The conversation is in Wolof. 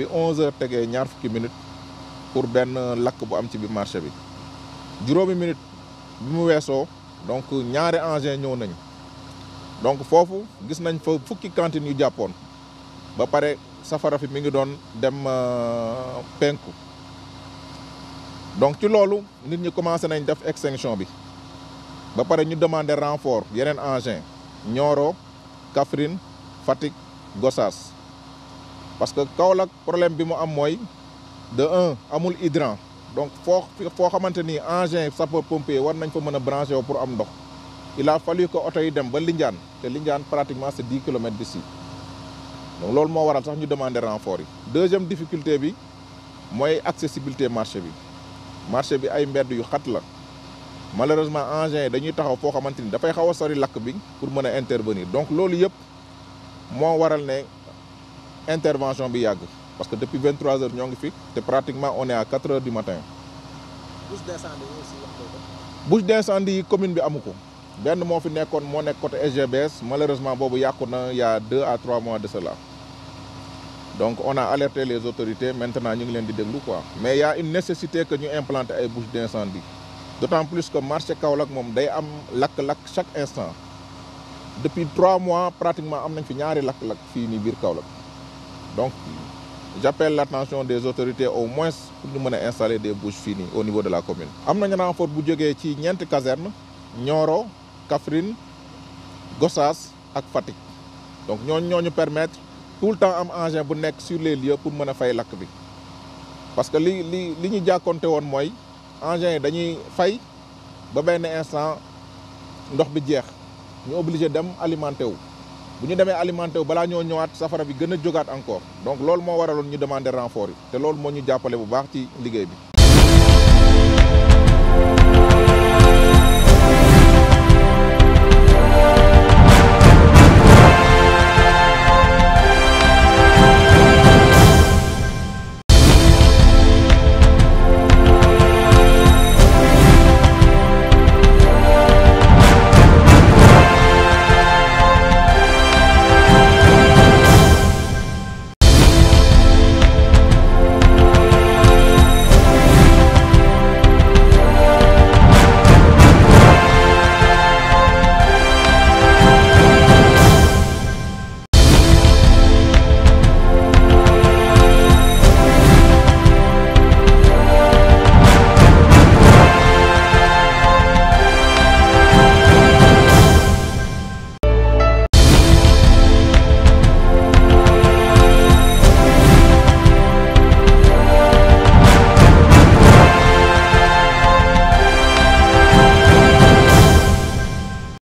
bi 11 heures tegee ñaar fukki minutes pour benn lakk bu am ci biir marché bi juróomi minutes bi mu weesoo donc ñaari engins ñëw nañ donc foofu gis nañ fa fukki cantines yu jàppoon ba pare safara fi mi ngi doon dem euh, penku donc ci loolu nit ñi commencé nañ def extinction bi ba pare ñu demander renfort yeneen engins Nioro Kaffrine Fatick Gossas parce que Kaolack problème bi mu am mooy de un amul hydrant donc foo foo xamante ni engin sapeur pompier war nañ fa mën a branché wu pour am ndox il a fallu que oto yi dem ba Lindiane te Lindiane pratiquement c'est dix kilomètres d'ici donc loolu moo waral sax ñu demander renfort yi. deuxième difficulté bi mooy accessibilité marché bi marché bi ay mbedd yu xat la malheureusement engin yi dañuy taxaw foo xamante ni dafay xaw a sori lakk bi pour mën a intervenir donc loolu yëpp moo waral intervention bi yàgg parce que depuis 23 heures ñoo ngi fi te pratiquement on est à 4 heures du matin. bouche d'incendie yi commune bi amu ko benn moo fi nekkoon moo nekkoon te SGBS malheureusement boobu yàqu na y a deux à trois mois de cela donc on a alerte les autorités maintenant ñu ngi leen di déglu quoi mais y a une nécessité que ñu implanter ay bouche d'incendie d'autant plus que marché Kaolack moom day am lakk-lakk chaque instant depuis trois mois pratiquement am nañ fi ñaari lakk-lakk fii nii biir Kaolack donc j'appelle l'attention des autorités au moins pour ñu mën a installer des bouches fii nii au niveau de la commune am nañu renfort bu jógee ci ñeenti caserne Nioro Kaffrine Gossas ak Fatick donc ñooñu ñoo ñu permettre tout le temps am engin bu nekk sur les lieux pour mën a fay lakk bi parce que li li li ñu jàkkonte woon mooy engin yi dañuy fay ba benn instant ndox bi jeex ñu obligé dem alimenté wu bu ñu demee alimenté wu balaa ñoo ñëwaat safara bi gën a jógaat encore donc loolu moo waraloon ñu demander renfort yi te loolu moo ñu jàppale bu baax ci liggéey bi